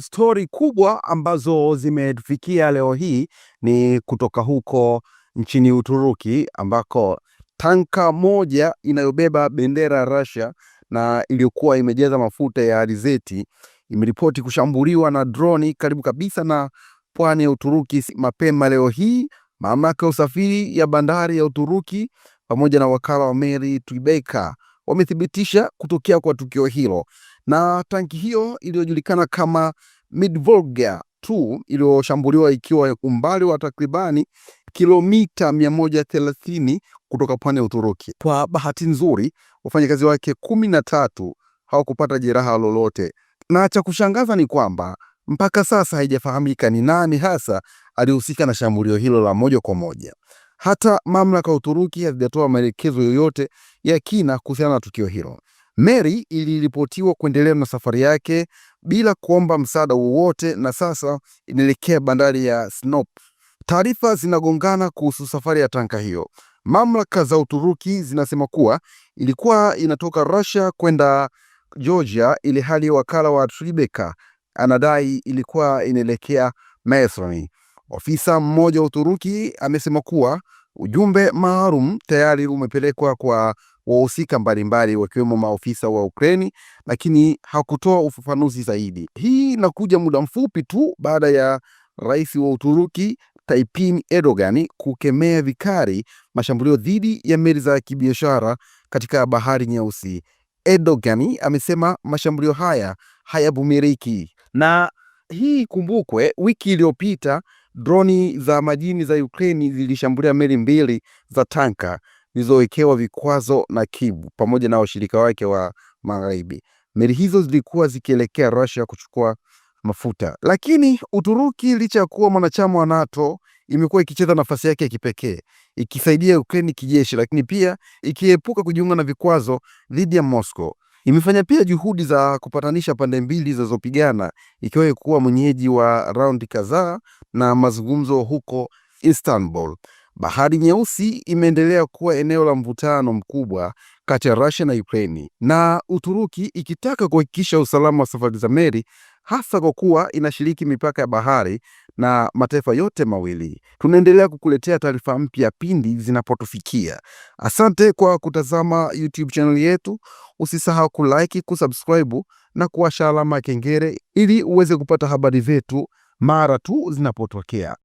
Stori kubwa ambazo zimefikia leo hii ni kutoka huko nchini Uturuki ambako tanka moja inayobeba bendera ya Russia na iliyokuwa imejaza mafuta ya alizeti imeripoti kushambuliwa na droni karibu kabisa na pwani ya Uturuki mapema leo hii. Mamlaka ya usafiri ya bandari ya Uturuki pamoja na wakala wa meli TÜBİTAK wamethibitisha kutokea kwa tukio hilo na tanki hiyo iliyojulikana kama Midvolga 2 iliyoshambuliwa ikiwa umbali wa takribani kilomita 130 kutoka pwani ya Uturuki. Kwa bahati nzuri, wafanyakazi wake kumi na tatu hawakupata jeraha lolote, na cha kushangaza ni kwamba mpaka sasa haijafahamika ni nani hasa alihusika na shambulio hilo la moja kwa moja. Hata mamlaka ya Uturuki hazijatoa maelekezo yoyote ya kina kuhusiana na tukio hilo. Mary iliripotiwa kuendelea na safari yake bila kuomba msaada wowote na sasa inaelekea bandari ya Sinop. Taarifa zinagongana kuhusu safari ya tanka hiyo. Mamlaka za Uturuki zinasema kuwa ilikuwa inatoka Russia kwenda Georgia, ili hali wakala wa Tribeca anadai ilikuwa inaelekea Misri. Ofisa mmoja wa Uturuki amesema kuwa ujumbe maalum tayari umepelekwa kwa wahusika mbalimbali wakiwemo maofisa wa Ukraini, lakini hakutoa ufafanuzi zaidi. Hii inakuja muda mfupi tu baada ya rais wa Uturuki Tayyip Erdogan kukemea vikali mashambulio dhidi ya meli za kibiashara katika bahari Nyeusi. Erdogan amesema mashambulio haya hayavumiriki. Na hii ikumbukwe, wiki iliyopita droni za majini za Ukraini zilishambulia meli mbili za tanka zilizowekewa vikwazo na Kyiv pamoja na washirika wake wa magharibi. Meli hizo zilikuwa zikielekea Russia kuchukua mafuta, lakini Uturuki licha ya kuwa mwanachama wa NATO imekuwa ikicheza nafasi yake ya kipekee ikisaidia Ukraine kijeshi, lakini pia ikiepuka kujiunga na vikwazo dhidi ya Moscow. Imefanya pia juhudi za kupatanisha pande mbili zinazopigana, ikiwahi kuwa mwenyeji wa raundi kadhaa na mazungumzo huko Istanbul. Bahari Nyeusi imeendelea kuwa eneo la mvutano mkubwa kati ya Russia na Ukraine, na Uturuki ikitaka kuhakikisha usalama wa safari za meli, hasa kwa kuwa inashiriki mipaka ya bahari na mataifa yote mawili. Tunaendelea kukuletea taarifa mpya pindi zinapotufikia. Asante kwa kutazama YouTube chaneli yetu. Usisahau kulike, kusubscribe na kuwasha alama ya kengele ili uweze kupata habari zetu mara tu zinapotokea.